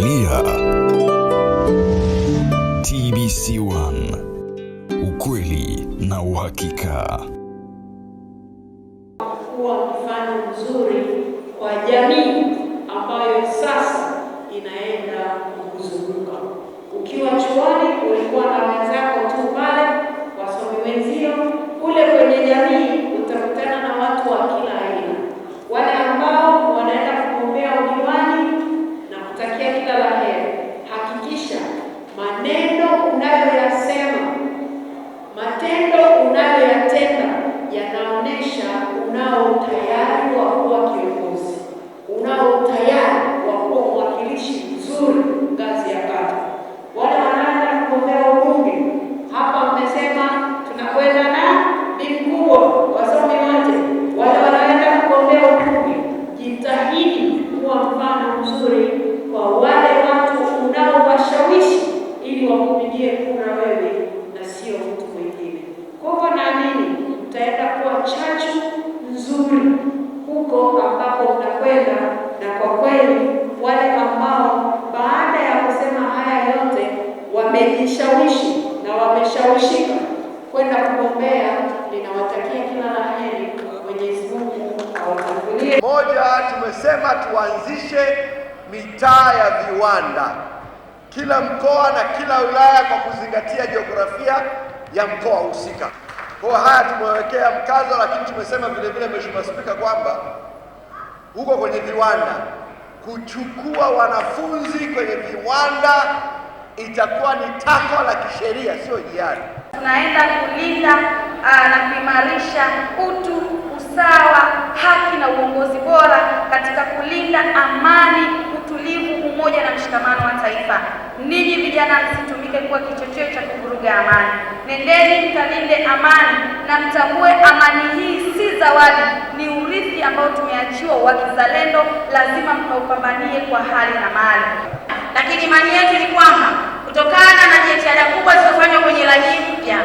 Tanzania. TBC1, ukweli na uhakika. Kuwa mfano mzuri kwa jamii ambayo sasa inaenda kuzunguka. Ukiwa chuoni ulikuwa never utaenda kuwa chachu nzuri huko ambapo unakwenda, na kwa kweli wale ambao baada ya kusema haya yote wamejishawishi na wameshawishika kwenda kugombea, ninawatakia kila la heri. Mwenyezi Mungu awatangulie. Moja, tumesema tuanzishe mitaa ya viwanda kila mkoa na kila wilaya kwa kuzingatia jiografia ya mkoa husika. Kwa haya tumewekea mkazo, lakini tumesema vile vile, Mheshimiwa Spika, kwamba huko kwenye viwanda kuchukua wanafunzi kwenye viwanda itakuwa ni takwa la kisheria, sio hiari. Tunaenda kulinda ah, na kuimarisha utu, usawa, haki na uongozi bora katika kulinda amani, utulivu, umoja na mshikamano wa taifa. Ninyi vijana msitumike kuwa kichocheo cha kuvuruga amani. Nendeni mkalinde amani na mtambue amani hii si zawadi, ni urithi ambao tumeachiwa wa kizalendo, lazima mkaupambanie kwa hali na mali. Lakini imani yetu ni kwamba kutokana na jitihada kubwa zilizofanywa kwenye ilani mpya